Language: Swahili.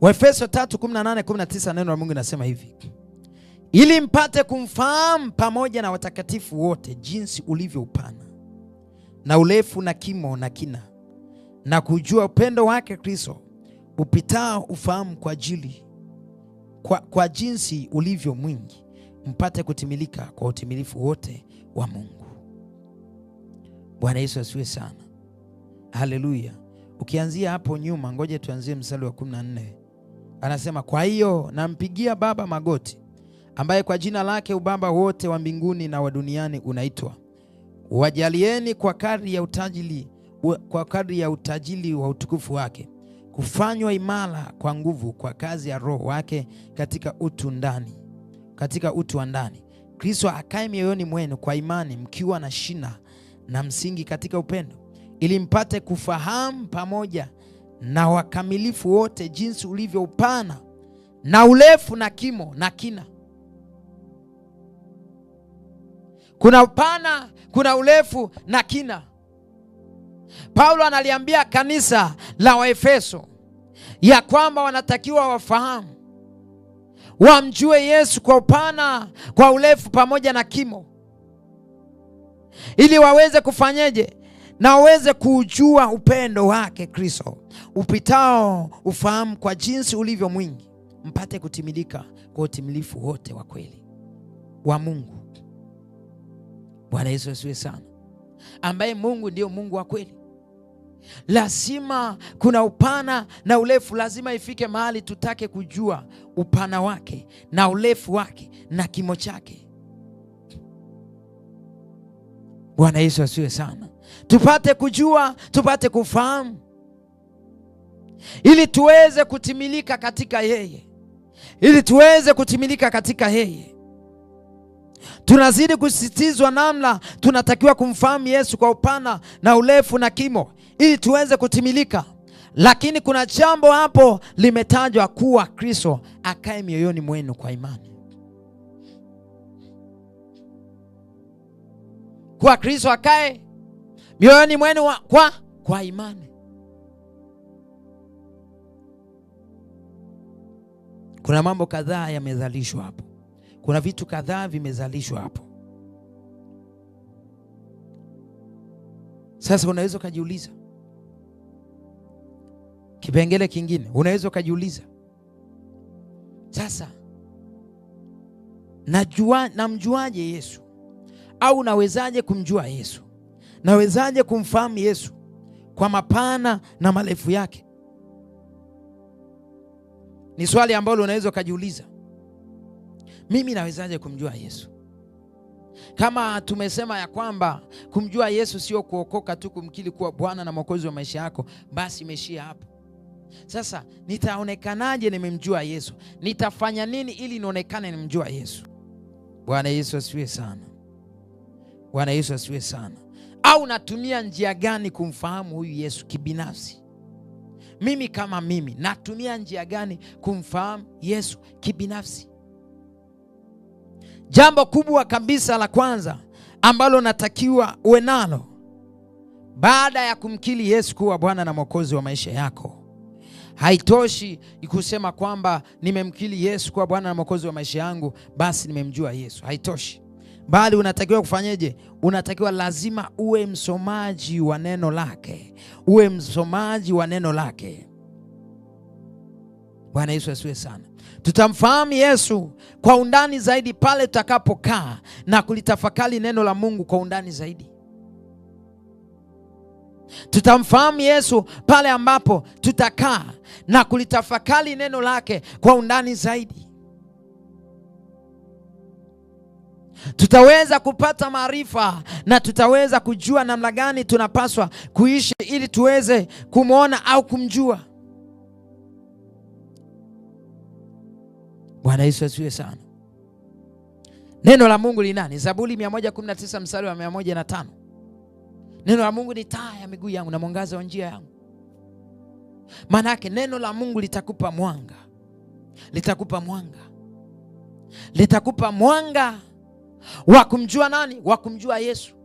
Waefeso 3:18 19, neno la Mungu linasema hivi, ili mpate kumfahamu pamoja na watakatifu wote, jinsi ulivyo upana na urefu na kimo na kina, na kujua upendo wake Kristo upitao ufahamu, kwa ajili kwa, kwa jinsi ulivyo mwingi, mpate kutimilika kwa utimilifu wote wa Mungu. Bwana Yesu asiwe sana. Haleluya. Ukianzia hapo nyuma, ngoja tuanzie mstari wa 14. Anasema, kwa hiyo nampigia Baba magoti, ambaye kwa jina lake ubaba wote wa mbinguni na wa duniani unaitwa, wajalieni kwa kadri ya utajili kwa kadri ya utajili wa utukufu wake kufanywa imara kwa nguvu kwa kazi ya Roho wake katika utu ndani, katika utu wa ndani, Kristo akae mioyoni mwenu kwa imani, mkiwa na shina na msingi katika upendo, ili mpate kufahamu pamoja na wakamilifu wote, jinsi ulivyo upana na urefu na kimo na kina. Kuna upana, kuna urefu na kina. Paulo analiambia kanisa la Waefeso ya kwamba wanatakiwa wafahamu, wamjue Yesu kwa upana, kwa urefu pamoja na kimo, ili waweze kufanyeje? na aweze kuujua upendo wake Kristo upitao ufahamu, kwa jinsi ulivyo mwingi, mpate kutimilika kwa utimilifu wote wa kweli wa Mungu. Bwana Yesu asiwe sana, ambaye Mungu ndiyo Mungu wa kweli. Lazima kuna upana na urefu, lazima ifike mahali tutake kujua upana wake na urefu wake na kimo chake Bwana Yesu asiwe sana, tupate kujua, tupate kufahamu, ili tuweze kutimilika katika yeye, ili tuweze kutimilika katika yeye. Tunazidi kusisitizwa namna tunatakiwa kumfahamu Yesu kwa upana na urefu na kimo, ili tuweze kutimilika. Lakini kuna jambo hapo limetajwa kuwa Kristo akae mioyoni mwenu kwa imani. kwa Kristo akae mioyoni mwenu kwa, kwa imani. Kuna mambo kadhaa yamezalishwa hapo, kuna vitu kadhaa vimezalishwa hapo. Sasa unaweza ukajiuliza, kipengele kingine, unaweza ukajiuliza sasa, najua namjuaje Yesu? au nawezaje kumjua Yesu? Nawezaje kumfahamu Yesu kwa mapana na marefu yake? Ni swali ambalo unaweza ukajiuliza, mimi nawezaje kumjua Yesu? Kama tumesema ya kwamba kumjua Yesu sio kuokoka tu, kumkiri kuwa Bwana na Mwokozi wa maisha yako, basi imeishia hapo. Sasa nitaonekanaje nimemjua Yesu? Nitafanya nini ili nionekane nimjua Yesu? Bwana Yesu asifiwe sana. Bwana Yesu asiwe sana. Au natumia njia gani kumfahamu huyu Yesu kibinafsi? Mimi kama mimi natumia njia gani kumfahamu Yesu kibinafsi? Jambo kubwa kabisa la kwanza ambalo natakiwa uwe nalo baada ya kumkiri Yesu kuwa Bwana na Mwokozi wa maisha yako, haitoshi kusema kwamba nimemkiri Yesu kuwa Bwana na Mwokozi wa maisha yangu, basi nimemjua Yesu. Haitoshi bali unatakiwa kufanyeje? Unatakiwa lazima uwe msomaji wa neno lake, uwe msomaji wa neno lake. Bwana Yesu asiwe sana. Tutamfahamu Yesu kwa undani zaidi pale tutakapokaa na kulitafakari neno la Mungu kwa undani zaidi. Tutamfahamu Yesu pale ambapo tutakaa na kulitafakari neno lake kwa undani zaidi. tutaweza kupata maarifa na tutaweza kujua namna gani tunapaswa kuishi ili tuweze kumwona au kumjua Bwana Yesu asiwe sana. Neno la Mungu linani? Zaburi 119 mstari wa 105. Neno la Mungu ni taa ya miguu yangu na mwangaza wa njia yangu. Maana yake neno la Mungu litakupa mwanga, litakupa mwanga, litakupa mwanga wa kumjua nani? Wa kumjua Yesu.